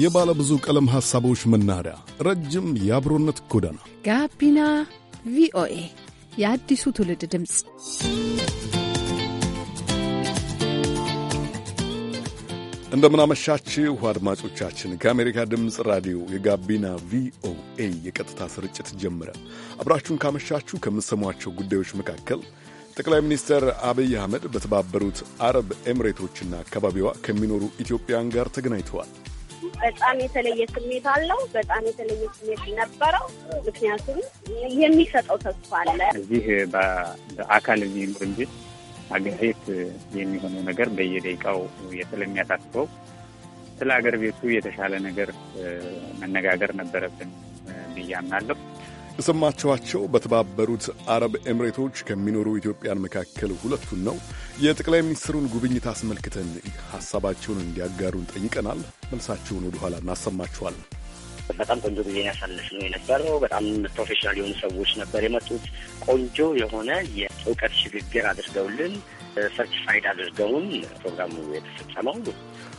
የባለ ብዙ ቀለም ሐሳቦች መናኸሪያ፣ ረጅም የአብሮነት ጎዳና ጋቢና ቪኦኤ የአዲሱ ትውልድ ድምፅ። እንደምናመሻችሁ አድማጮቻችን፣ ከአሜሪካ ድምፅ ራዲዮ የጋቢና ቪኦኤ የቀጥታ ስርጭት ጀምረ። አብራችሁን ካመሻችሁ ከምትሰሟቸው ጉዳዮች መካከል ጠቅላይ ሚኒስትር አብይ አህመድ በተባበሩት አረብ ኤምሬቶችና አካባቢዋ ከሚኖሩ ኢትዮጵያን ጋር ተገናኝተዋል። በጣም የተለየ ስሜት አለው። በጣም የተለየ ስሜት ነበረው። ምክንያቱም የሚሰጠው ተስፋ አለ። እዚህ በአካል የሚኖር እንጂ አገር ቤት የሚሆነው ነገር በየደቂቃው ስለሚያሳስበው ስለ ሀገር ቤቱ የተሻለ ነገር መነጋገር ነበረብን ብዬ አምናለሁ። የሰማችኋቸው በተባበሩት አረብ ኤምሬቶች ከሚኖሩ ኢትዮጵያን መካከል ሁለቱን ነው። የጠቅላይ ሚኒስትሩን ጉብኝት አስመልክተን ሀሳባቸውን እንዲያጋሩን ጠይቀናል። መልሳቸውን ወደኋላ እናሰማችኋለን። በጣም ቆንጆ ጊዜ ያሳለፍ ነው የነበረው። በጣም ፕሮፌሽናል የሆኑ ሰዎች ነበር የመጡት። ቆንጆ የሆነ የእውቀት ሽግግር አድርገውልን ሰርቲፋይድ አድርገውን ፕሮግራሙ የተፈጸመው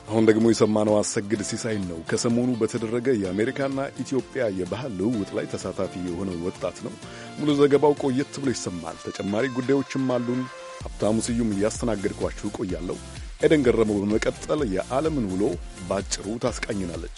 አሁን ደግሞ የሰማነው አሰግድ ሲሳይን ነው። ከሰሞኑ በተደረገ የአሜሪካና ኢትዮጵያ የባህል ልውውጥ ላይ ተሳታፊ የሆነው ወጣት ነው። ሙሉ ዘገባው ቆየት ብሎ ይሰማል። ተጨማሪ ጉዳዮችም አሉን። ሀብታሙ ስዩም እያስተናገድኳችሁ ቆያለሁ። ኤደን ገረመው በመቀጠል የዓለምን ውሎ ባጭሩ ታስቃኝናለች።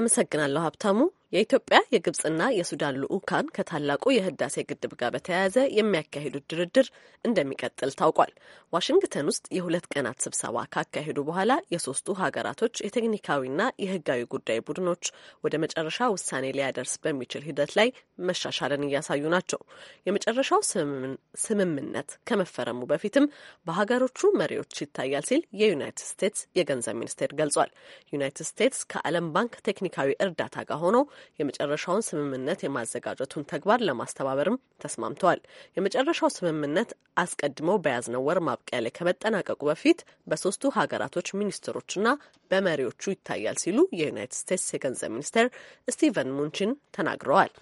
አመሰግናለሁ ሀብታሙ። የኢትዮጵያ የግብጽና የሱዳን ልዑካን ከታላቁ የህዳሴ ግድብ ጋር በተያያዘ የሚያካሂዱት ድርድር እንደሚቀጥል ታውቋል። ዋሽንግተን ውስጥ የሁለት ቀናት ስብሰባ ካካሄዱ በኋላ የሶስቱ ሀገራቶች የቴክኒካዊና የህጋዊ ጉዳይ ቡድኖች ወደ መጨረሻ ውሳኔ ሊያደርስ በሚችል ሂደት ላይ መሻሻልን እያሳዩ ናቸው። የመጨረሻው ስምምነት ከመፈረሙ በፊትም በሀገሮቹ መሪዎች ይታያል ሲል የዩናይትድ ስቴትስ የገንዘብ ሚኒስቴር ገልጿል። ዩናይትድ ስቴትስ ከዓለም ባንክ ቴክኒካዊ እርዳታ ጋር ሆነው የመጨረሻውን ስምምነት የማዘጋጀቱን ተግባር ለማስተባበርም ተስማምተዋል። የመጨረሻው ስምምነት አስቀድመው በያዝነው ወር ማብቂያ ላይ ከመጠናቀቁ በፊት በሶስቱ ሀገራቶች ሚኒስትሮችና በመሪዎቹ ይታያል ሲሉ የዩናይትድ ስቴትስ የገንዘብ ሚኒስትር ስቲቨን ሙንቺን ተናግረዋል።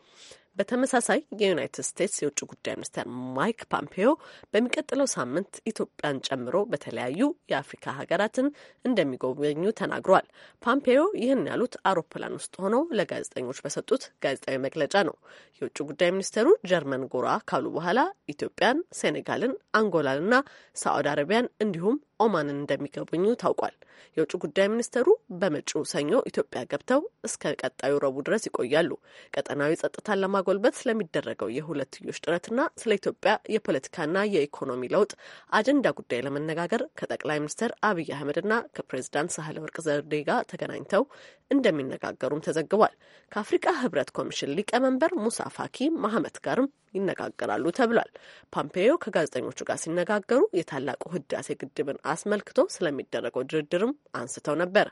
በተመሳሳይ የዩናይትድ ስቴትስ የውጭ ጉዳይ ሚኒስትር ማይክ ፖምፔዮ በሚቀጥለው ሳምንት ኢትዮጵያን ጨምሮ በተለያዩ የአፍሪካ ሀገራትን እንደሚጎበኙ ተናግሯል። ፖምፔዮ ይህን ያሉት አውሮፕላን ውስጥ ሆነው ለጋዜጠኞች በሰጡት ጋዜጣዊ መግለጫ ነው። የውጭ ጉዳይ ሚኒስትሩ ጀርመን ጎራ ካሉ በኋላ ኢትዮጵያን፣ ሴኔጋልን፣ አንጎላንና ሳዑዲ አረቢያን እንዲሁም ኦማንን እንደሚጎበኙ ታውቋል። የውጭ ጉዳይ ሚኒስተሩ በመጪው ሰኞ ኢትዮጵያ ገብተው እስከ ቀጣዩ ረቡዕ ድረስ ይቆያሉ። ቀጠናዊ ጸጥታን ለማጎልበት ስለሚደረገው የሁለትዮሽ ጥረትና ስለ ኢትዮጵያ የፖለቲካና የኢኮኖሚ ለውጥ አጀንዳ ጉዳይ ለመነጋገር ከጠቅላይ ሚኒስትር አብይ አህመድና ከፕሬዚዳንት ሳህለ ወርቅ ዘውዴ ጋር ተገናኝተው እንደሚነጋገሩም ተዘግቧል። ከአፍሪቃ ህብረት ኮሚሽን ሊቀመንበር ሙሳ ፋኪ ማህመት ጋርም ይነጋገራሉ ተብሏል። ፓምፔዮ ከጋዜጠኞቹ ጋር ሲነጋገሩ የታላቁ ህዳሴ ግድብን አስመልክቶ ስለሚደረገው ድርድርም አንስተው ነበር።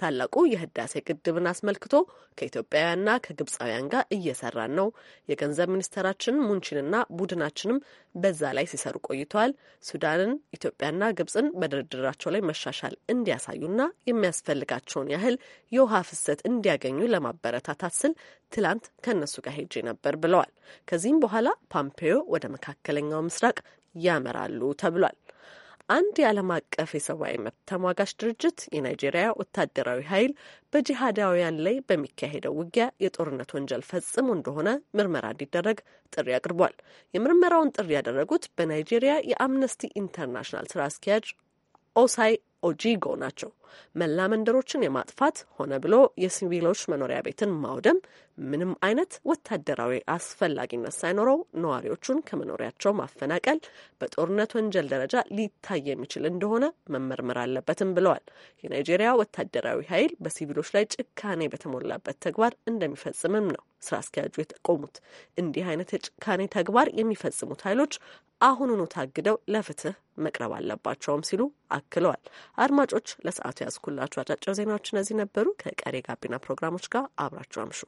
ታላቁ የህዳሴ ግድብን አስመልክቶ ከኢትዮጵያውያንና ከግብፃውያን ጋር እየሰራን ነው። የገንዘብ ሚኒስተራችን ሙንቺንና ቡድናችንም በዛ ላይ ሲሰሩ ቆይተዋል። ሱዳንን፣ ኢትዮጵያና ግብፅን በድርድራቸው ላይ መሻሻል እንዲያሳዩና የሚያስፈልጋቸውን ያህል የውሃ ፍሰት እንዲያገኙ ለማበረታታት ስል ትላንት ከእነሱ ጋር ሄጄ ነበር ብለዋል። ከዚህም በኋላ ፓምፔዮ ወደ መካከለኛው ምስራቅ ያመራሉ ተብሏል። አንድ የዓለም አቀፍ የሰብአዊ መብት ተሟጋች ድርጅት የናይጄሪያ ወታደራዊ ኃይል በጂሃዳውያን ላይ በሚካሄደው ውጊያ የጦርነት ወንጀል ፈጽሞ እንደሆነ ምርመራ እንዲደረግ ጥሪ አቅርቧል። የምርመራውን ጥሪ ያደረጉት በናይጄሪያ የአምነስቲ ኢንተርናሽናል ስራ አስኪያጅ ኦሳይ ኦጂጎ ናቸው። መላ መንደሮችን የማጥፋት ሆነ ብሎ የሲቪሎች መኖሪያ ቤትን ማውደም ምንም አይነት ወታደራዊ አስፈላጊነት ሳይኖረው ነዋሪዎቹን ከመኖሪያቸው ማፈናቀል በጦርነት ወንጀል ደረጃ ሊታይ የሚችል እንደሆነ መመርመር አለበትም ብለዋል። የናይጄሪያ ወታደራዊ ኃይል በሲቪሎች ላይ ጭካኔ በተሞላበት ተግባር እንደሚፈጽምም ነው ስራ አስኪያጁ የጠቆሙት። እንዲህ አይነት የጭካኔ ተግባር የሚፈጽሙት ኃይሎች አሁኑኑ ታግደው ለፍትህ መቅረብ አለባቸውም ሲሉ አክለዋል። አድማጮች፣ ለሰዓቱ ያዝኩላችሁ አጫጭር ዜናዎች እነዚህ ነበሩ። ከቀሬ ጋቢና ፕሮግራሞች ጋር አብራችሁ አምሹ።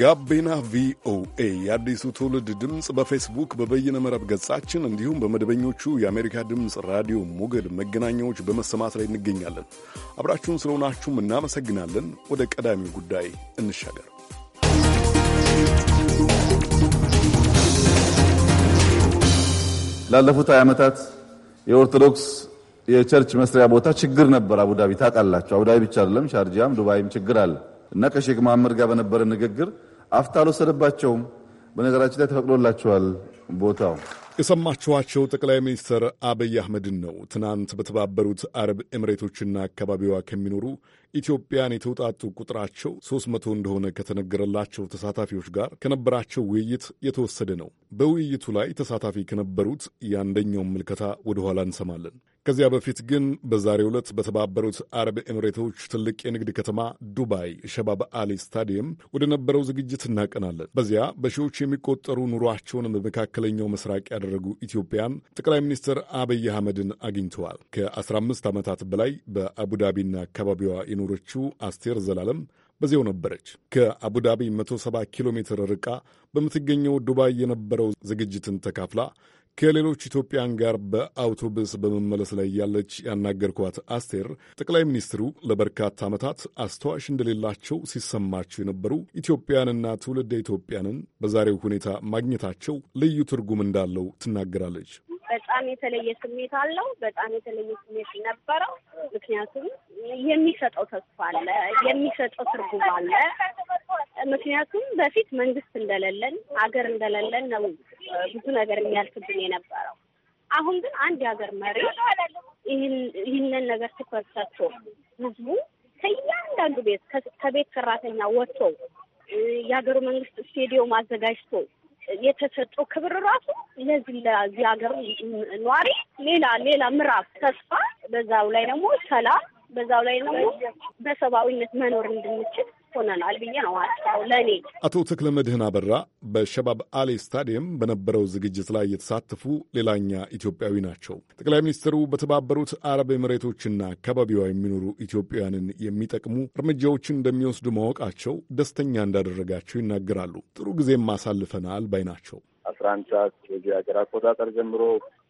ጋቢና ቪኦኤ የአዲሱ ትውልድ ድምፅ በፌስቡክ በበይነ መረብ ገጻችን እንዲሁም በመደበኞቹ የአሜሪካ ድምፅ ራዲዮ ሞገድ መገናኛዎች በመሰማት ላይ እንገኛለን። አብራችሁን ስለሆናችሁም እናመሰግናለን። ወደ ቀዳሚው ጉዳይ እንሻገር። ላለፉት ሀያ ዓመታት የኦርቶዶክስ የቸርች መስሪያ ቦታ ችግር ነበር። አቡዳቢ ታውቃላችሁ። አቡዳቢ ብቻ አይደለም ሻርጃም ዱባይም ችግር አለ እና ከሼክ መሐመድ ጋር በነበረ ንግግር አፍታ አልወሰደባቸውም። በነገራችን ላይ ተፈቅዶላቸዋል ቦታው። የሰማችኋቸው ጠቅላይ ሚኒስትር አብይ አህመድን ነው። ትናንት በተባበሩት አረብ ኤምሬቶችና አካባቢዋ ከሚኖሩ ኢትዮጵያን የተውጣጡ ቁጥራቸው ሦስት መቶ እንደሆነ ከተነገረላቸው ተሳታፊዎች ጋር ከነበራቸው ውይይት የተወሰደ ነው። በውይይቱ ላይ ተሳታፊ ከነበሩት የአንደኛውን ምልከታ ወደ ኋላ እንሰማለን። ከዚያ በፊት ግን በዛሬው ዕለት በተባበሩት አረብ ኤምሬቶች ትልቅ የንግድ ከተማ ዱባይ ሸባብ አሊ ስታዲየም ወደ ነበረው ዝግጅት እናቀናለን። በዚያ በሺዎች የሚቆጠሩ ኑሯቸውን በመካከለኛው ምስራቅ ያደረጉ ኢትዮጵያን ጠቅላይ ሚኒስትር አብይ አህመድን አግኝተዋል። ከ15 ዓመታት በላይ በአቡዳቢና አካባቢዋ የኖረችው አስቴር ዘላለም በዚያው ነበረች። ከአቡዳቢ 170 ኪሎ ሜትር ርቃ በምትገኘው ዱባይ የነበረው ዝግጅትን ተካፍላ ከሌሎች ኢትዮጵያን ጋር በአውቶቡስ በመመለስ ላይ ያለች ያናገርኳት አስቴር ጠቅላይ ሚኒስትሩ ለበርካታ ዓመታት አስተዋሽ እንደሌላቸው ሲሰማቸው የነበሩ ኢትዮጵያንና ትውልደ ኢትዮጵያንን በዛሬው ሁኔታ ማግኘታቸው ልዩ ትርጉም እንዳለው ትናገራለች። በጣም የተለየ ስሜት አለው። በጣም የተለየ ስሜት ነበረው። ምክንያቱም የሚሰጠው ተስፋ አለ፣ የሚሰጠው ትርጉም አለ። ምክንያቱም በፊት መንግስት እንደሌለን አገር እንደሌለን ነው ብዙ ነገር የሚያልፍብን የነበረው። አሁን ግን አንድ የሀገር መሪ ይህንን ነገር ትኩረት ሰጥቶ ህዝቡ ከእያንዳንዱ ቤት ከቤት ሰራተኛ ወጥቶ የሀገሩ መንግስት ስቴዲዮም አዘጋጅቶ የተሰጠው ክብር ራሱ ለዚህ ለዚህ ሀገር ኗሪ ሌላ ሌላ ምዕራፍ ተስፋ፣ በዛው ላይ ደግሞ ሰላም፣ በዛው ላይ ደግሞ በሰብአዊነት መኖር እንድንችል ሆነናል ብዬ ነው አስበው ለእኔ። አቶ ተክለ መድህን አበራ በሸባብ አሊ ስታዲየም በነበረው ዝግጅት ላይ የተሳተፉ ሌላኛ ኢትዮጵያዊ ናቸው። ጠቅላይ ሚኒስትሩ በተባበሩት አረብ ኤምሬቶችና አካባቢዋ የሚኖሩ ኢትዮጵያውያንን የሚጠቅሙ እርምጃዎችን እንደሚወስዱ ማወቃቸው ደስተኛ እንዳደረጋቸው ይናገራሉ። ጥሩ ጊዜም አሳልፈናል ባይ ናቸው። አስራ አንድ ሰዓት የዚህ ሀገር አቆጣጠር ጀምሮ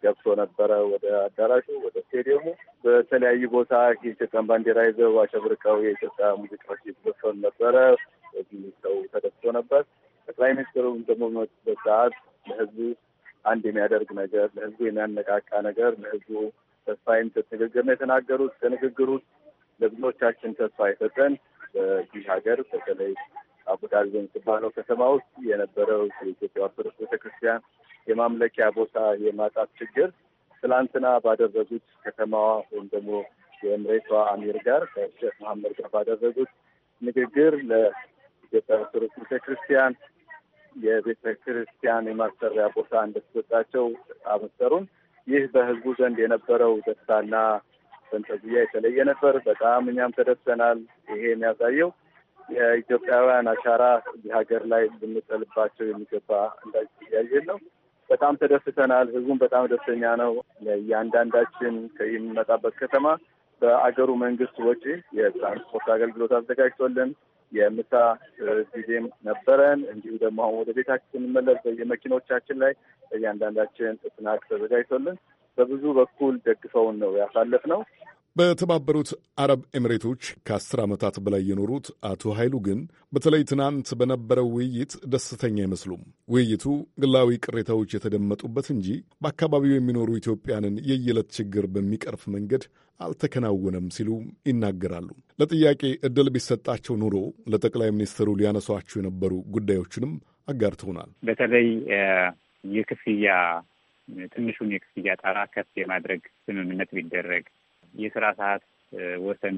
ገብቶ ነበረ ወደ አዳራሹ ወደ ስቴዲየሙ። በተለያዩ ቦታ የኢትዮጵያን ባንዲራ ይዘው አሸብርቀው የኢትዮጵያ ሙዚቃዎች ይዘፈኑ ነበረ። በዚህ ሰው ተደስቶ ነበር። ጠቅላይ ሚኒስትሩም ደግሞ በመጡበት ሰዓት ለህዝቡ አንድ የሚያደርግ ነገር፣ ለህዝቡ የሚያነቃቃ ነገር፣ ለህዝቡ ተስፋ የሚሰጥ ንግግር ነው የተናገሩት። ከንግግሩ ለብዙዎቻችን ተስፋ የሰጠን በዚህ ሀገር በተለይ አቡዳቢ በምትባለው ከተማ ውስጥ የነበረው የኢትዮጵያ ኦርቶዶክስ ቤተክርስቲያን የማምለኪያ ቦታ የማጣት ችግር ትላንትና ባደረጉት ከተማዋ ወይም ደግሞ የእምሬቷ አሚር ጋር ከሼክ መሐመድ ጋር ባደረጉት ንግግር ለኢትዮጵያ ኦርቶዶክስ ቤተክርስቲያን የቤተ ክርስቲያን የማሰሪያ ቦታ እንደተሰጣቸው አመሰሩን። ይህ በህዝቡ ዘንድ የነበረው ደስታና ፈንጠዝያ የተለየ ነበር። በጣም እኛም ተደስተናል። ይሄ የሚያሳየው የኢትዮጵያውያን አሻራ እዚህ ሀገር ላይ ልንጠልባቸው የሚገባ እንዳያየን ነው። በጣም ተደስተናል። ህዝቡም በጣም ደስተኛ ነው። እያንዳንዳችን የሚመጣበት ከተማ በአገሩ መንግስት ወጪ የትራንስፖርት አገልግሎት አዘጋጅቶልን የምሳ ጊዜም ነበረን። እንዲሁ ደግሞ አሁን ወደ ቤታችን ስንመለስ በየመኪኖቻችን ላይ በእያንዳንዳችን ስናክ ተዘጋጅቶልን በብዙ በኩል ደግፈውን ነው ነው። በተባበሩት አረብ ኤሚሬቶች ከአስር ዓመታት በላይ የኖሩት አቶ ኃይሉ ግን በተለይ ትናንት በነበረው ውይይት ደስተኛ አይመስሉም። ውይይቱ ግላዊ ቅሬታዎች የተደመጡበት እንጂ በአካባቢው የሚኖሩ ኢትዮጵያንን የየዕለት ችግር በሚቀርፍ መንገድ አልተከናወነም ሲሉ ይናገራሉ። ለጥያቄ ዕድል ቢሰጣቸው ኑሮ ለጠቅላይ ሚኒስትሩ ሊያነሷቸው የነበሩ ጉዳዮችንም አጋርተውናል። በተለይ የክፍያ ትንሹን የክፍያ ጣራ ከፍ የማድረግ ስምምነት ቢደረግ የስራ ሰዓት ወሰን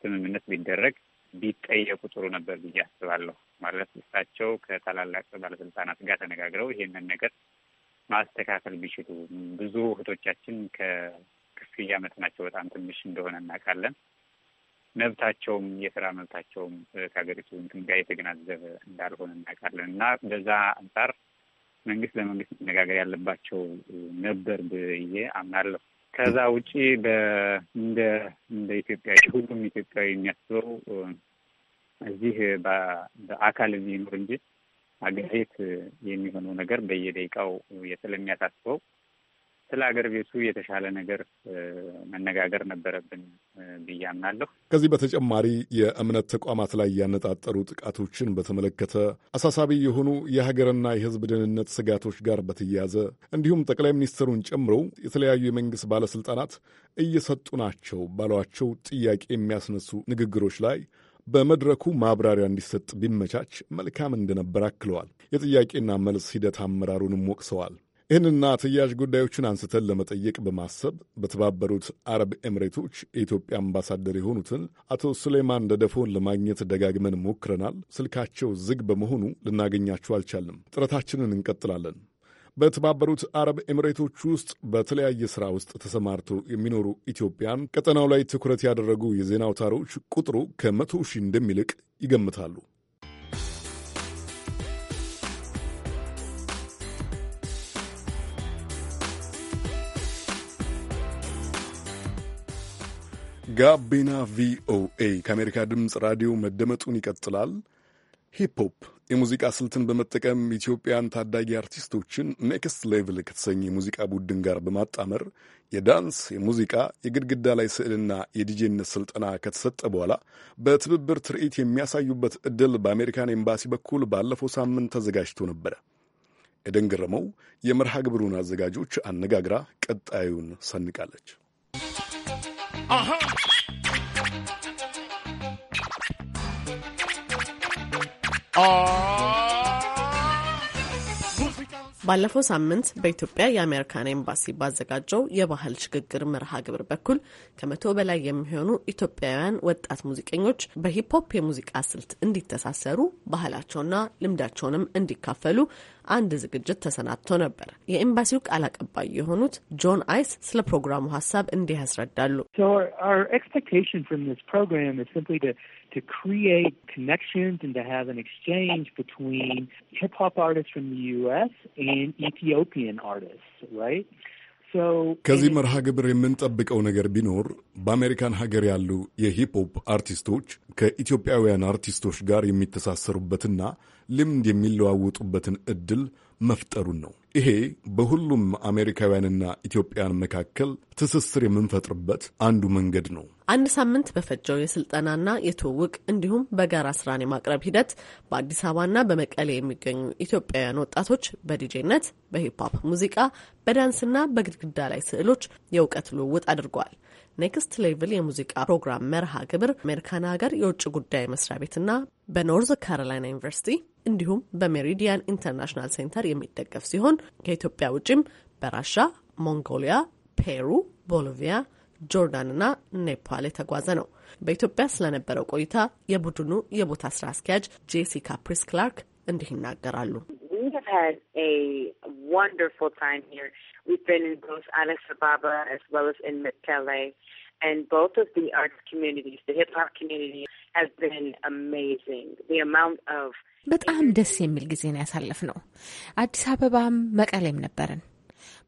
ስምምነት ቢደረግ ቢጠየቁ ጥሩ ነበር ብዬ አስባለሁ። ማለት እሳቸው ከታላላቅ ባለስልጣናት ጋር ተነጋግረው ይሄንን ነገር ማስተካከል ቢችሉ ብዙ እህቶቻችን ከክፍያ መጠናቸው በጣም ትንሽ እንደሆነ እናውቃለን። መብታቸውም የስራ መብታቸውም ከሀገሪቱ እንትን ጋር የተገናዘበ እንዳልሆነ እናውቃለን እና በዛ አንጻር መንግስት ለመንግስት መነጋገር ያለባቸው ነበር ብዬ አምናለሁ። ከዛ ውጪ እንደ እንደ ኢትዮጵያ ሁሉም ኢትዮጵያዊ የሚያስበው እዚህ በአካል የሚኖር እንጂ አገሬት የሚሆነው ነገር በየደቂቃው ስለሚያሳስበው ስለ አገር ቤቱ የተሻለ ነገር መነጋገር ነበረብን ብዬ አምናለሁ። ከዚህ በተጨማሪ የእምነት ተቋማት ላይ ያነጣጠሩ ጥቃቶችን በተመለከተ አሳሳቢ የሆኑ የሀገርና የሕዝብ ደህንነት ስጋቶች ጋር በተያያዘ እንዲሁም ጠቅላይ ሚኒስትሩን ጨምሮ የተለያዩ የመንግስት ባለስልጣናት እየሰጡ ናቸው ባሏቸው ጥያቄ የሚያስነሱ ንግግሮች ላይ በመድረኩ ማብራሪያ እንዲሰጥ ቢመቻች መልካም እንደነበር አክለዋል። የጥያቄና መልስ ሂደት አመራሩንም ወቅሰዋል። ይህንና ተያያዥ ጉዳዮችን አንስተን ለመጠየቅ በማሰብ በተባበሩት አረብ ኤምሬቶች የኢትዮጵያ አምባሳደር የሆኑትን አቶ ሱሌማን ደደፎን ለማግኘት ደጋግመን ሞክረናል። ስልካቸው ዝግ በመሆኑ ልናገኛቸው አልቻልም። ጥረታችንን እንቀጥላለን። በተባበሩት አረብ ኤምሬቶች ውስጥ በተለያየ ሥራ ውስጥ ተሰማርቶ የሚኖሩ ኢትዮጵያን ቀጠናው ላይ ትኩረት ያደረጉ የዜና አውታሮች ቁጥሩ ከመቶ ሺህ እንደሚልቅ ይገምታሉ። ጋቢና ቪኦኤ ከአሜሪካ ድምፅ ራዲዮ መደመጡን ይቀጥላል። ሂፖፕ የሙዚቃ ስልትን በመጠቀም ኢትዮጵያን ታዳጊ አርቲስቶችን ኔክስት ሌቭል ከተሰኘ የሙዚቃ ቡድን ጋር በማጣመር የዳንስ፣ የሙዚቃ፣ የግድግዳ ላይ ስዕልና የዲጄነት ስልጠና ከተሰጠ በኋላ በትብብር ትርኢት የሚያሳዩበት ዕድል በአሜሪካን ኤምባሲ በኩል ባለፈው ሳምንት ተዘጋጅቶ ነበረ። የደንገረመው የመርሃ ግብሩን አዘጋጆች አነጋግራ ቀጣዩን ሰንቃለች። Uh-huh. Uh ባለፈው ሳምንት በኢትዮጵያ የአሜሪካን ኤምባሲ ባዘጋጀው የባህል ሽግግር መርሃ ግብር በኩል ከመቶ በላይ የሚሆኑ ኢትዮጵያውያን ወጣት ሙዚቀኞች በሂፕሆፕ የሙዚቃ ስልት እንዲተሳሰሩ ባህላቸውና ልምዳቸውንም እንዲካፈሉ አንድ ዝግጅት ተሰናድቶ ነበር። የኤምባሲው ቃል አቀባይ የሆኑት ጆን አይስ ስለ ፕሮግራሙ ሀሳብ እንዲህ ያስረዳሉ። to create connections and to have an exchange between hip hop artists from the U.S. and Ethiopian artists, right? ከዚህ መርሃ ግብር የምንጠብቀው ነገር ቢኖር በአሜሪካን ሀገር ያሉ የሂፕሆፕ አርቲስቶች ከኢትዮጵያውያን አርቲስቶች ጋር የሚተሳሰሩበትና ልምድ የሚለዋወጡበትን እድል መፍጠሩን ነው። ይሄ በሁሉም አሜሪካውያንና ኢትዮጵያን መካከል ትስስር የምንፈጥርበት አንዱ መንገድ ነው። አንድ ሳምንት በፈጀው የስልጠናና የትውውቅ እንዲሁም በጋራ ስራን የማቅረብ ሂደት በአዲስ አበባና በመቀሌ የሚገኙ ኢትዮጵያውያን ወጣቶች በዲጄነት፣ በሂፕሆፕ ሙዚቃ፣ በዳንስና በግድግዳ ላይ ስዕሎች የእውቀት ልውውጥ አድርገዋል። ኔክስት ሌቭል የሙዚቃ ፕሮግራም መርሃ ግብር አሜሪካን ሀገር የውጭ ጉዳይ መስሪያ ቤትና በኖርዝ ካሮላይና ዩኒቨርሲቲ እንዲሁም በሜሪዲያን ኢንተርናሽናል ሴንተር የሚደገፍ ሲሆን ከኢትዮጵያ ውጭም በራሻ፣ ሞንጎሊያ፣ ፔሩ፣ ቦሊቪያ ጆርዳንና ኔፓል የተጓዘ ነው። በኢትዮጵያ ስለነበረው ቆይታ የቡድኑ የቦታ ስራ አስኪያጅ ጄሲካ ፕሪስ ክላርክ እንዲህ ይናገራሉ። በጣም ደስ የሚል ጊዜ ነው ያሳለፍ ነው። አዲስ አበባም መቀሌም ነበርን።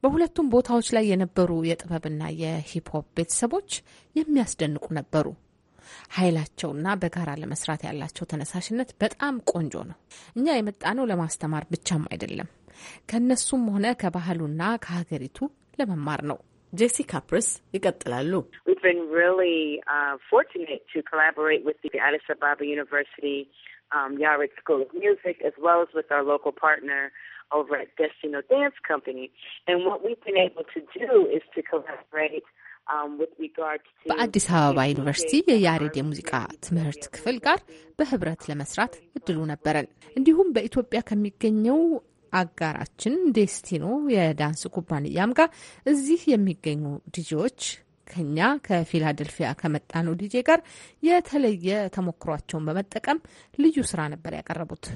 በሁለቱም ቦታዎች ላይ የነበሩ የጥበብና የሂፕሆፕ ቤተሰቦች የሚያስደንቁ ነበሩ። ኃይላቸውና በጋራ ለመስራት ያላቸው ተነሳሽነት በጣም ቆንጆ ነው። እኛ የመጣነው ለማስተማር ብቻም አይደለም፣ ከእነሱም ሆነ ከባህሉና ከሀገሪቱ ለመማር ነው። ጄሲ ካፕርስ ይቀጥላሉ። አዲስ አበባ ዩኒቨርሲቲ over at Destino Dance Company. And what we've been able to do is to collaborate um, በአዲስ አበባ ዩኒቨርሲቲ የያሬድ የሙዚቃ ትምህርት ክፍል ጋር በህብረት ለመስራት እድሉ ነበረን። እንዲሁም በኢትዮጵያ ከሚገኘው አጋራችን ዴስቲኖ የዳንስ ኩባንያም ጋር እዚህ የሚገኙ ዲጄዎች ከኛ ከፊላደልፊያ ከመጣነው ዲጄ ጋር የተለየ ተሞክሯቸውን በመጠቀም ልዩ ስራ ነበር ያቀረቡት።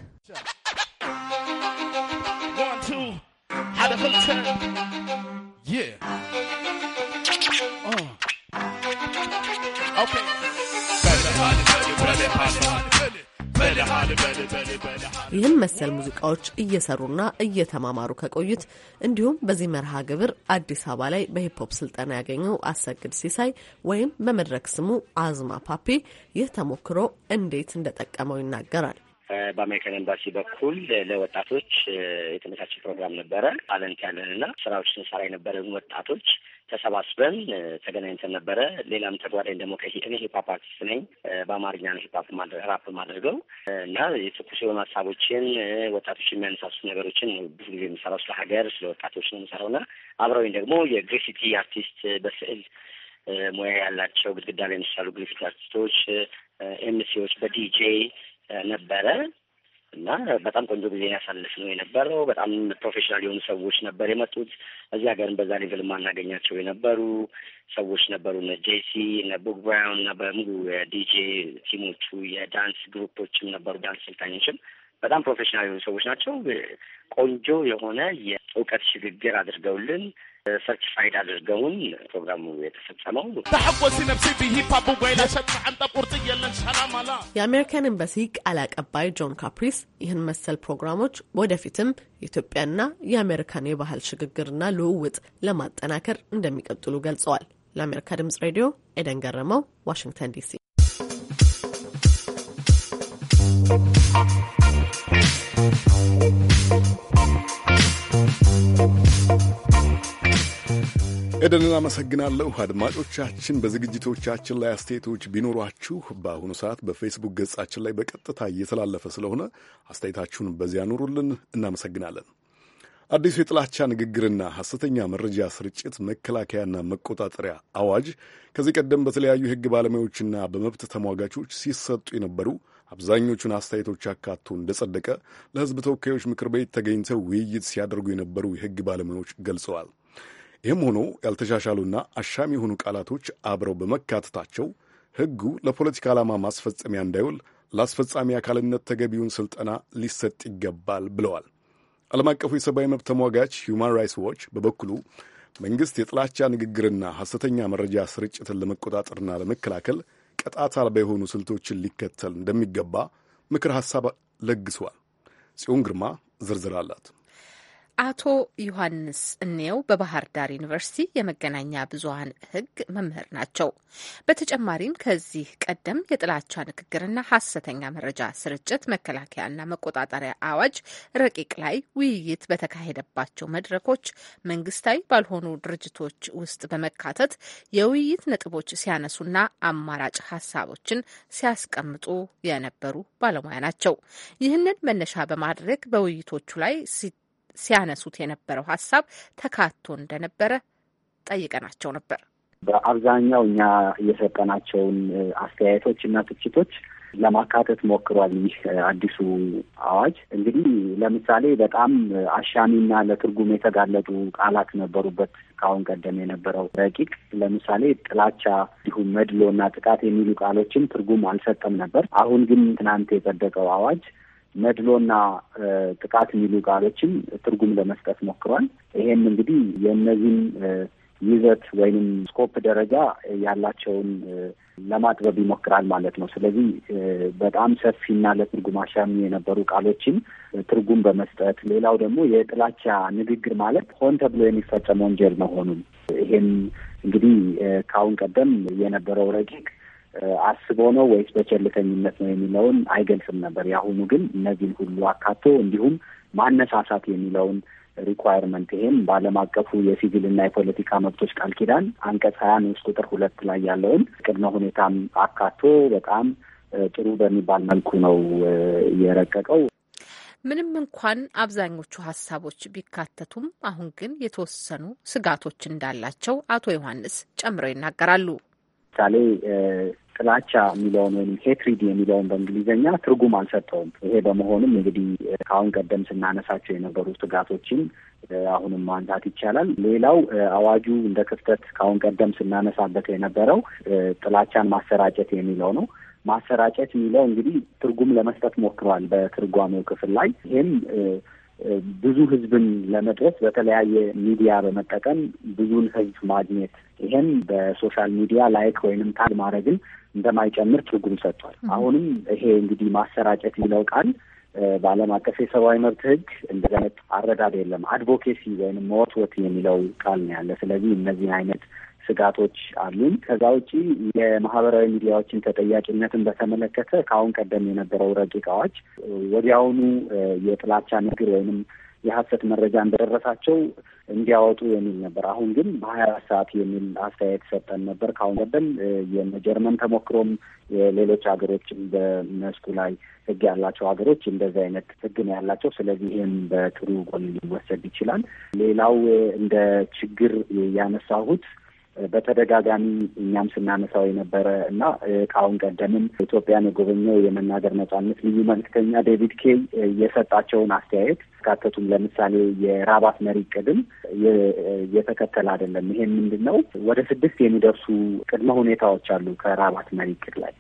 at of hotel. Yeah. Oh. Okay. ይህን መሰል ሙዚቃዎች እየሰሩና እየተማማሩ ከቆዩት እንዲሁም በዚህ መርሃ ግብር አዲስ አበባ ላይ በሂፕሆፕ ስልጠና ያገኘው አሰግድ ሲሳይ ወይም በመድረክ ስሙ አዝማ ፓፒ ይህ ተሞክሮ እንዴት እንደጠቀመው ይናገራል። በአሜሪካን ኤምባሲ በኩል ለወጣቶች የተመቻቸ ፕሮግራም ነበረ። አለንት ያለን እና ስራዎች ስንሰራ የነበረን ወጣቶች ተሰባስበን ተገናኝተን ነበረ። ሌላም ተጓዳኝ ደግሞ እኔ ሂፓፕ አርቲስት ነኝ። በአማርኛ ነው ሂፓፕ ራፕ ማድረገው እና የትኩስ የሆኑ ሀሳቦችን ወጣቶች የሚያነሳሱ ነገሮችን ብዙ ጊዜ የምሰራው ስለ ሀገር፣ ስለ ወጣቶች ነው የምሰራው እና አብረውኝ ደግሞ የግሪፊቲ አርቲስት በስዕል ሙያ ያላቸው ግድግዳ ላይ የሚሳሉ ግሪፊቲ አርቲስቶች፣ ኤምሲዎች በዲጄ ነበረ እና በጣም ቆንጆ ጊዜ ያሳልፍ ነው የነበረው። በጣም ፕሮፌሽናል የሆኑ ሰዎች ነበር የመጡት። እዚህ ሀገርም በዛ ሌቭል ማናገኛቸው የነበሩ ሰዎች ነበሩ። እነ ጄሲ እነ ቡክ ብራውን እና በሙሉ የዲጄ ቲሞቹ የዳንስ ግሩፖችም ነበሩ ዳንስ ስልጣኞችም በጣም ፕሮፌሽናል የሆኑ ሰዎች ናቸው። ቆንጆ የሆነ የእውቀት ሽግግር አድርገውልን ሰርቲፋይድ አድርገውን ፕሮግራሙ የተፈጸመው። የአሜሪካን ኤምባሲ ቃል አቀባይ ጆን ካፕሪስ ይህን መሰል ፕሮግራሞች ወደፊትም የኢትዮጵያና የአሜሪካን የባህል ሽግግርና ልውውጥ ለማጠናከር እንደሚቀጥሉ ገልጸዋል። ለአሜሪካ ድምጽ ሬዲዮ ኤደን ገረመው፣ ዋሽንግተን ዲሲ። ኤደን አመሰግናለሁ። አድማጮቻችን በዝግጅቶቻችን ላይ አስተያየቶች ቢኖሯችሁ በአሁኑ ሰዓት በፌስቡክ ገጻችን ላይ በቀጥታ እየተላለፈ ስለሆነ አስተያየታችሁን በዚያ ኑሩልን። እናመሰግናለን። አዲሱ የጥላቻ ንግግርና ሐሰተኛ መረጃ ስርጭት መከላከያና መቆጣጠሪያ አዋጅ ከዚህ ቀደም በተለያዩ የሕግ ባለሙያዎችና በመብት ተሟጋቾች ሲሰጡ የነበሩ አብዛኞቹን አስተያየቶች አካቶ እንደጸደቀ ለሕዝብ ተወካዮች ምክር ቤት ተገኝተው ውይይት ሲያደርጉ የነበሩ የሕግ ባለሙያዎች ገልጸዋል። ይህም ሆኖ ያልተሻሻሉና አሻሚ የሆኑ ቃላቶች አብረው በመካተታቸው ሕጉ ለፖለቲካ ዓላማ ማስፈጸሚያ እንዳይውል ለአስፈጻሚ አካልነት ተገቢውን ስልጠና ሊሰጥ ይገባል ብለዋል። ዓለም አቀፉ የሰብአዊ መብት ተሟጋች ሁማን ራይትስ ዎች በበኩሉ መንግሥት የጥላቻ ንግግርና ሐሰተኛ መረጃ ስርጭትን ለመቆጣጠርና ለመከላከል ቀጣታ በሆኑ ስልቶችን ሊከተል እንደሚገባ ምክር ሐሳብ ለግሷል። ጽዮን ግርማ ዝርዝር አላት። አቶ ዮሐንስ እኔው በባህር ዳር ዩኒቨርሲቲ የመገናኛ ብዙሀን ሕግ መምህር ናቸው። በተጨማሪም ከዚህ ቀደም የጥላቻ ንግግርና ሀሰተኛ መረጃ ስርጭት መከላከያና መቆጣጠሪያ አዋጅ ረቂቅ ላይ ውይይት በተካሄደባቸው መድረኮች መንግስታዊ ባልሆኑ ድርጅቶች ውስጥ በመካተት የውይይት ነጥቦች ሲያነሱና አማራጭ ሀሳቦችን ሲያስቀምጡ የነበሩ ባለሙያ ናቸው። ይህንን መነሻ በማድረግ በውይይቶቹ ላይ ሲያነሱት የነበረው ሀሳብ ተካቶ እንደነበረ ጠይቀናቸው ነበር። በአብዛኛው እኛ የሰጠናቸውን አስተያየቶች እና ትችቶች ለማካተት ሞክሯል። ይህ አዲሱ አዋጅ እንግዲህ ለምሳሌ በጣም አሻሚና ለትርጉም የተጋለጡ ቃላት ነበሩበት። ከአሁን ቀደም የነበረው ረቂቅ ለምሳሌ ጥላቻ፣ እንዲሁም መድሎና ጥቃት የሚሉ ቃሎችን ትርጉም አልሰጠም ነበር። አሁን ግን ትናንት የጸደቀው አዋጅ መድሎና ጥቃት የሚሉ ቃሎችን ትርጉም ለመስጠት ሞክሯል። ይሄም እንግዲህ የእነዚህም ይዘት ወይም ስኮፕ ደረጃ ያላቸውን ለማጥበብ ይሞክራል ማለት ነው። ስለዚህ በጣም ሰፊና ለትርጉም አሻሚ የነበሩ ቃሎችን ትርጉም በመስጠት ሌላው ደግሞ የጥላቻ ንግግር ማለት ሆን ተብሎ የሚፈጸም ወንጀል መሆኑን ይሄም እንግዲህ ከአሁን ቀደም የነበረው ረቂቅ አስቦ ነው ወይስ በቸልተኝነት ነው የሚለውን አይገልጽም ነበር። የአሁኑ ግን እነዚህን ሁሉ አካቶ እንዲሁም ማነሳሳት የሚለውን ሪኳየርመንት ይሄም በዓለም አቀፉ የሲቪልና የፖለቲካ መብቶች ቃል ኪዳን አንቀጽ ሀያ ንዑስ ቁጥር ሁለት ላይ ያለውን ቅድመ ሁኔታም አካቶ በጣም ጥሩ በሚባል መልኩ ነው የረቀቀው። ምንም እንኳን አብዛኞቹ ሀሳቦች ቢካተቱም አሁን ግን የተወሰኑ ስጋቶች እንዳላቸው አቶ ዮሐንስ ጨምረው ይናገራሉ። ምሳሌ ጥላቻ የሚለውን ወይም ሄትሪድ የሚለውን በእንግሊዝኛ ትርጉም አልሰጠውም። ይሄ በመሆኑም እንግዲህ ከአሁን ቀደም ስናነሳቸው የነበሩ ስጋቶችን አሁንም ማንሳት ይቻላል። ሌላው አዋጁ እንደ ክፍተት ከአሁን ቀደም ስናነሳበት የነበረው ጥላቻን ማሰራጨት የሚለው ነው። ማሰራጨት የሚለው እንግዲህ ትርጉም ለመስጠት ሞክሯል በትርጓሜው ክፍል ላይ ይህም ብዙ ህዝብን ለመድረስ በተለያየ ሚዲያ በመጠቀም ብዙን ህዝብ ማግኘት ይህም በሶሻል ሚዲያ ላይክ ወይንም ታግ ማድረግን እንደማይጨምር ትርጉም ሰጥቷል። አሁንም ይሄ እንግዲህ ማሰራጨት የሚለው ቃል በዓለም አቀፍ የሰብአዊ መብት ሕግ እንደዚህ አይነት አረዳድ የለም። አድቮኬሲ ወይም መወትወት የሚለው ቃል ነው ያለ። ስለዚህ እነዚህን አይነት ስጋቶች አሉን። ከዛ ውጪ የማህበራዊ ሚዲያዎችን ተጠያቂነትን በተመለከተ ከአሁን ቀደም የነበረው ረቂቃዎች ወዲያውኑ የጥላቻ ንግር ወይንም የሀሰት መረጃ እንደደረሳቸው እንዲያወጡ የሚል ነበር። አሁን ግን በሀያ አራት ሰዓት የሚል አስተያየት ሰጠን ነበር። ከአሁን ቀደም የጀርመን ተሞክሮም የሌሎች ሀገሮችም በመስኩ ላይ ህግ ያላቸው ሀገሮች እንደዚህ አይነት ህግ ነው ያላቸው። ስለዚህ ይህም በጥሩ ጎን ሊወሰድ ይችላል። ሌላው እንደ ችግር ያነሳሁት በተደጋጋሚ እኛም ስናነሳው የነበረ እና ከአሁን ቀደምም ኢትዮጵያን የጎበኘው የመናገር ነጻነት ልዩ መልክተኛ ዴቪድ ኬይ የሰጣቸውን አስተያየት ካተቱም ለምሳሌ የራባት መሪ ቅድም የተከተለ አይደለም። ይሄ ምንድን ነው? ወደ ስድስት የሚደርሱ ቅድመ ሁኔታዎች አሉ ከራባት መሪ ቅድ ላይ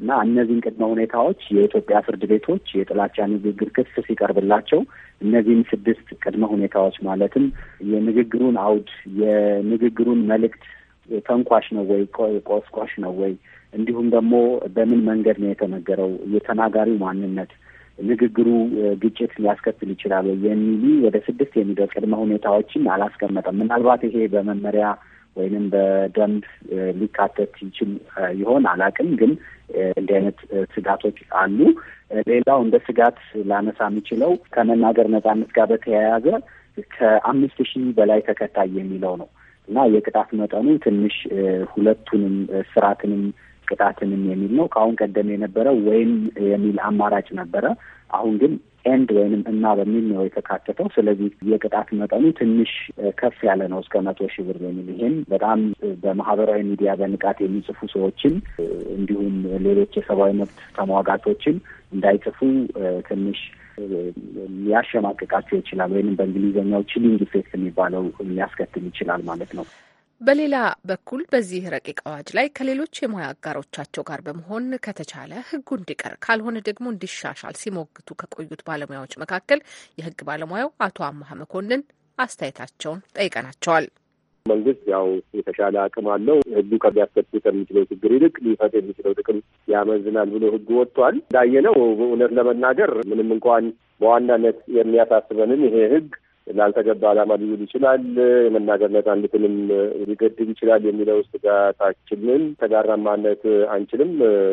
እና እነዚህን ቅድመ ሁኔታዎች የኢትዮጵያ ፍርድ ቤቶች የጥላቻ ንግግር ክስ ሲቀርብላቸው እነዚህን ስድስት ቅድመ ሁኔታዎች ማለትም የንግግሩን አውድ፣ የንግግሩን መልእክት ተንኳሽ ነው ወይ ቆስቋሽ ነው ወይ፣ እንዲሁም ደግሞ በምን መንገድ ነው የተነገረው፣ የተናጋሪው ማንነት፣ ንግግሩ ግጭት ሊያስከትል ይችላል ወይ የሚሉ ወደ ስድስት የሚደርስ ቅድመ ሁኔታዎችን አላስቀመጠም። ምናልባት ይሄ በመመሪያ ወይንም በደንብ ሊካተት ይችል ይሆን አላቅም። ግን እንዲህ አይነት ስጋቶች አሉ። ሌላው እንደ ስጋት ላነሳ የሚችለው ከመናገር ነጻነት ጋር በተያያዘ ከአምስት ሺህ በላይ ተከታይ የሚለው ነው እና የቅጣት መጠኑ ትንሽ ሁለቱንም ስርዓትንም ቅጣትንም የሚል ነው። ከአሁን ቀደም የነበረው ወይም የሚል አማራጭ ነበረ። አሁን ግን ኤንድ ወይንም እና በሚል ነው የተካተተው። ስለዚህ የቅጣት መጠኑ ትንሽ ከፍ ያለ ነው እስከ መቶ ሺህ ብር በሚል ይሄን በጣም በማህበራዊ ሚዲያ በንቃት የሚጽፉ ሰዎችን እንዲሁም ሌሎች የሰብአዊ መብት ተሟጋቾችን እንዳይጽፉ ትንሽ ሊያሸማቅቃቸው ይችላል ወይም በእንግሊዝኛው ቺሊንግ ኢፌክት የሚባለው ሊያስከትል ይችላል ማለት ነው። በሌላ በኩል በዚህ ረቂቅ አዋጅ ላይ ከሌሎች የሙያ አጋሮቻቸው ጋር በመሆን ከተቻለ ሕጉ እንዲቀር ካልሆነ ደግሞ እንዲሻሻል ሲሞግቱ ከቆዩት ባለሙያዎች መካከል የሕግ ባለሙያው አቶ አማሀ መኮንን አስተያየታቸውን ጠይቀናቸዋል። መንግስት ያው የተሻለ አቅም አለው። ህጉ ከሚያስከትል ከሚችለው ችግር ይልቅ ሊፈት የሚችለው ጥቅም ያመዝናል ብሎ ህጉ ወጥቷል። እንዳየነው እውነት ለመናገር ምንም እንኳን በዋናነት የሚያሳስበንን ይሄ ህግ ላልተገባ ዓላማ ሊውል ይችላል፣ የመናገር ነጻነትንም ሊገድብ ይችላል የሚለው ስጋታችንን ተጋራማነት አንችልም።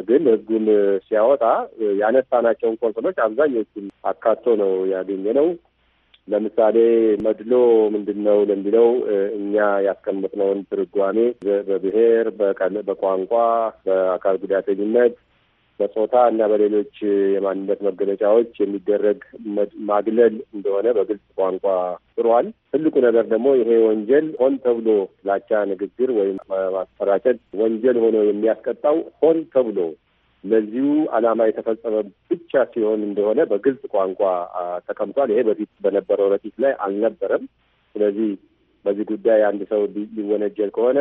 ግን ህጉን ሲያወጣ ያነሳናቸውን ኮንሰርኖች አብዛኞቹን አካቶ ነው ያገኘ ነው። ለምሳሌ መድሎ ምንድን ነው ለሚለው እኛ ያስቀመጥነውን ትርጓሜ በብሔር፣ በቋንቋ፣ በአካል ጉዳተኝነት በጾታ እና በሌሎች የማንነት መገለጫዎች የሚደረግ ማግለል እንደሆነ በግልጽ ቋንቋ ጥሯል። ትልቁ ነገር ደግሞ ይሄ ወንጀል ሆን ተብሎ ጥላቻ ንግግር ወይም ማስፈራጨት ወንጀል ሆኖ የሚያስቀጣው ሆን ተብሎ ለዚሁ ዓላማ የተፈጸመ ብቻ ሲሆን እንደሆነ በግልጽ ቋንቋ ተቀምጧል። ይሄ በፊት በነበረው ረቂት ላይ አልነበረም። ስለዚህ በዚህ ጉዳይ አንድ ሰው ሊወነጀል ከሆነ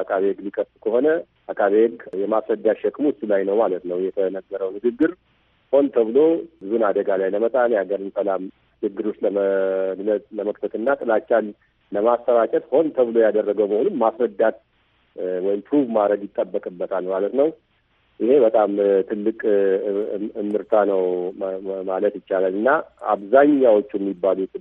አቃቤ ሕግ ሊከፍ ከሆነ አቃቤ ሕግ የማስረዳት ሸክሙ እሱ ላይ ነው ማለት ነው። የተነገረው ንግግር ሆን ተብሎ ብዙን አደጋ ላይ ለመጣል የሀገርን ሰላም ችግር ውስጥ ለመክተትና ጥላቻን ለማሰራጨት ሆን ተብሎ ያደረገው መሆኑን ማስረዳት ወይም ፕሩቭ ማድረግ ይጠበቅበታል ማለት ነው። ይሄ በጣም ትልቅ እምርታ ነው ማለት ይቻላል እና አብዛኛዎቹ የሚባሉት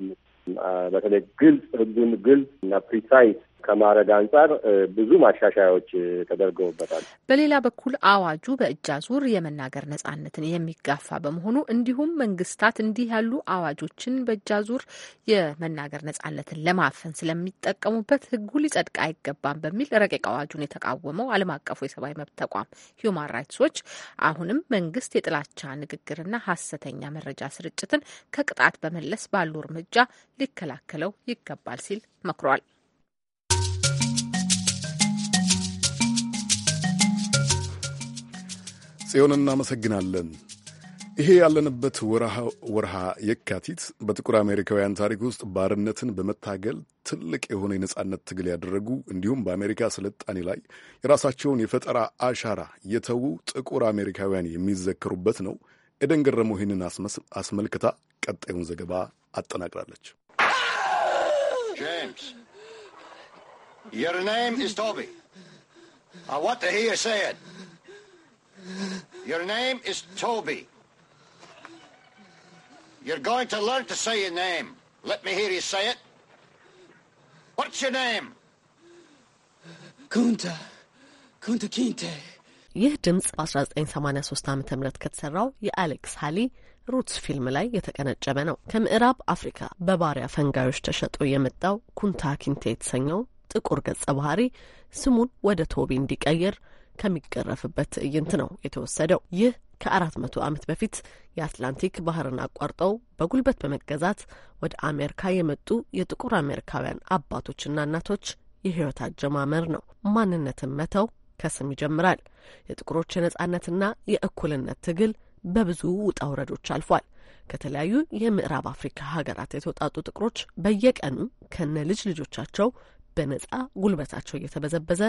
በተለይ ግልጽ ህጉን ግልጽ እና ፕሪሳይስ ከማረግ አንጻር ብዙ ማሻሻያዎች ተደርገውበታል። በሌላ በኩል አዋጁ በእጅ አዙር የመናገር ነጻነትን የሚጋፋ በመሆኑ እንዲሁም መንግስታት እንዲህ ያሉ አዋጆችን በእጅ አዙር የመናገር ነጻነትን ለማፈን ስለሚጠቀሙበት ህጉ ሊጸድቅ አይገባም በሚል ረቂቅ አዋጁን የተቃወመው ዓለም አቀፉ የሰብአዊ መብት ተቋም ሂዩማን ራይትስ ዎች አሁንም መንግስት የጥላቻ ንግግርና ሀሰተኛ መረጃ ስርጭትን ከቅጣት በመለስ ባሉ እርምጃ ሊከላከለው ይገባል ሲል መክሯል። ጽዮን እናመሰግናለን። ይሄ ያለንበት ወርሃ የካቲት በጥቁር አሜሪካውያን ታሪክ ውስጥ ባርነትን በመታገል ትልቅ የሆነ የነጻነት ትግል ያደረጉ እንዲሁም በአሜሪካ ስልጣኔ ላይ የራሳቸውን የፈጠራ አሻራ የተዉ ጥቁር አሜሪካውያን የሚዘከሩበት ነው። ኤደን ገረመው ይህንን አስመልክታ ቀጣዩን ዘገባ አጠናቅራለች። ጄምስ ዮር ኔም ኢዝ ቶቢ ዋት ዋንት ሰድ Your name is Toby. You're going to learn to say your name. Let me hear you say it. What's your name? Kunta. Kunta Kinte. ይህ ድምፅ በ1983 ዓ ም ከተሰራው የአሌክስ ሃሊ ሩትስ ፊልም ላይ የተቀነጨበ ነው። ከምዕራብ አፍሪካ በባሪያ ፈንጋዮች ተሸጦ የመጣው ኩንታ ኪንቴ የተሰኘው ጥቁር ገጸ ባህሪ ስሙን ወደ ቶቢ እንዲቀይር ከሚገረፍበት ትዕይንት ነው የተወሰደው። ይህ ከአራት መቶ ዓመት በፊት የአትላንቲክ ባህርን አቋርጠው በጉልበት በመገዛት ወደ አሜሪካ የመጡ የጥቁር አሜሪካውያን አባቶችና እናቶች የህይወት አጀማመር ነው። ማንነትን መተው ከስም ይጀምራል። የጥቁሮች የነጻነትና የእኩልነት ትግል በብዙ ውጣ ውረዶች አልፏል። ከተለያዩ የምዕራብ አፍሪካ ሀገራት የተውጣጡ ጥቁሮች በየቀኑ ከነ ልጅ ልጆቻቸው በነጻ ጉልበታቸው እየተበዘበዘ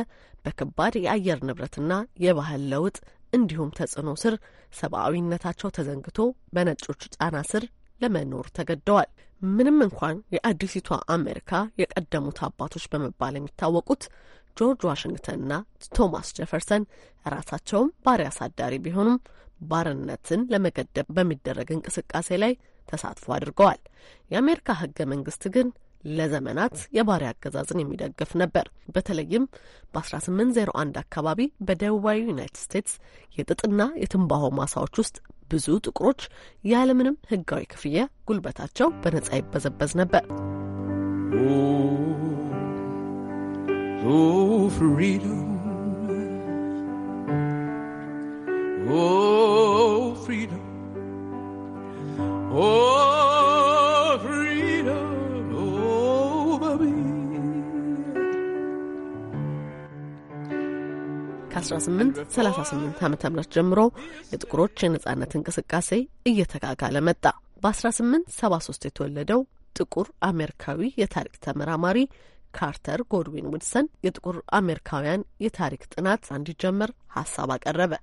በከባድ የአየር ንብረትና የባህል ለውጥ እንዲሁም ተጽዕኖ ስር ሰብአዊነታቸው ተዘንግቶ በነጮች ጫና ስር ለመኖር ተገደዋል። ምንም እንኳን የአዲሲቷ አሜሪካ የቀደሙት አባቶች በመባል የሚታወቁት ጆርጅ ዋሽንግተንና ቶማስ ጀፈርሰን ራሳቸውም ባሪያ አሳዳሪ ቢሆኑም ባርነትን ለመገደብ በሚደረግ እንቅስቃሴ ላይ ተሳትፎ አድርገዋል። የአሜሪካ ህገ መንግስት ግን ለዘመናት የባሪያ አገዛዝን የሚደግፍ ነበር። በተለይም በ1801 አካባቢ በደቡባዊ ዩናይትድ ስቴትስ የጥጥና የትንባሆ ማሳዎች ውስጥ ብዙ ጥቁሮች ያለምንም ሕጋዊ ክፍያ ጉልበታቸው በነጻ ይበዘበዝ ነበር። Oh, freedom. 1838 ዓ ም ጀምሮ የጥቁሮች የነጻነት እንቅስቃሴ እየተጋጋለ መጣ። በ1873 የተወለደው ጥቁር አሜሪካዊ የታሪክ ተመራማሪ ካርተር ጎድዊን ውድሰን የጥቁር አሜሪካውያን የታሪክ ጥናት እንዲጀመር ሀሳብ አቀረበ።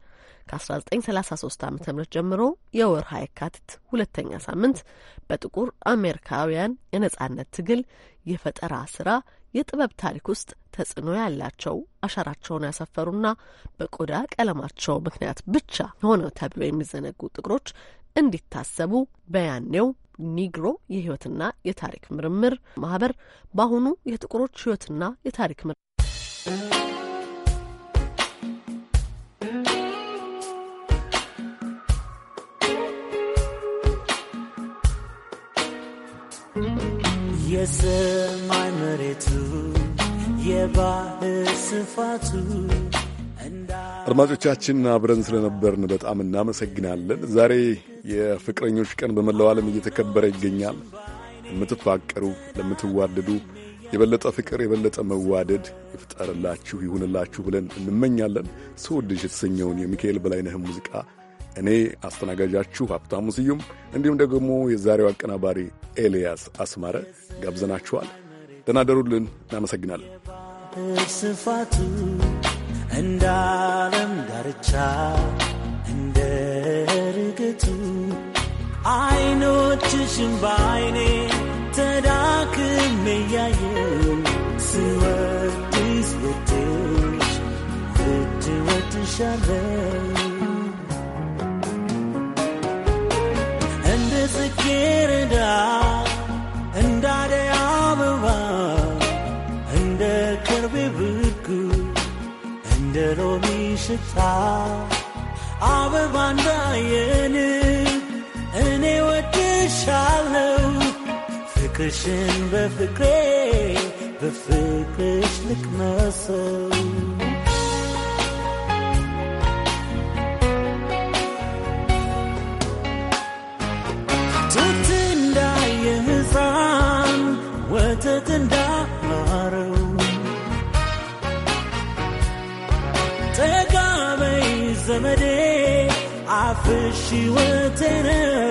ከ1933 ዓ ም ጀምሮ የወርሃ የካቲት ሁለተኛ ሳምንት በጥቁር አሜሪካውያን የነጻነት ትግል የፈጠራ ስራ የጥበብ ታሪክ ውስጥ ተጽዕኖ ያላቸው አሻራቸውን ያሰፈሩና በቆዳ ቀለማቸው ምክንያት ብቻ ሆነው ተብሎ የሚዘነጉ ጥቁሮች እንዲታሰቡ በያኔው ኒግሮ የህይወትና የታሪክ ምርምር ማህበር በአሁኑ የጥቁሮች ህይወትና የታሪክ ምር የስማ መሬቱ የባህር ስፋቱ። አድማጮቻችን አብረን ስለነበርን በጣም እናመሰግናለን። ዛሬ የፍቅረኞች ቀን በመላው ዓለም እየተከበረ ይገኛል። ለምትፋቀሩ፣ ለምትዋደዱ የበለጠ ፍቅር የበለጠ መዋደድ ይፍጠርላችሁ ይሁንላችሁ ብለን እንመኛለን። ስወድሽ የተሰኘውን የሚካኤል በላይነህን ሙዚቃ እኔ አስተናጋጃችሁ ሀብታሙ ስዩም እንዲሁም ደግሞ የዛሬው አቀናባሪ ኤልያስ አስማረ ጋብዘናችኋል። ተናደሩልን። እናመሰግናለን። ስፋቱ እንደ ዓለም ዳርቻ እንደ ርግቱ አይኖችሽም በአይኔ ተዳክም እያየው ስወድስ ወድሽ ውድ ወድሻለሁ ደስታ አበባ እንዳየን እኔ ወድሻለው ፍቅርሽን በፍቅሬ በፍቅርሽ ልቅመሰው she were in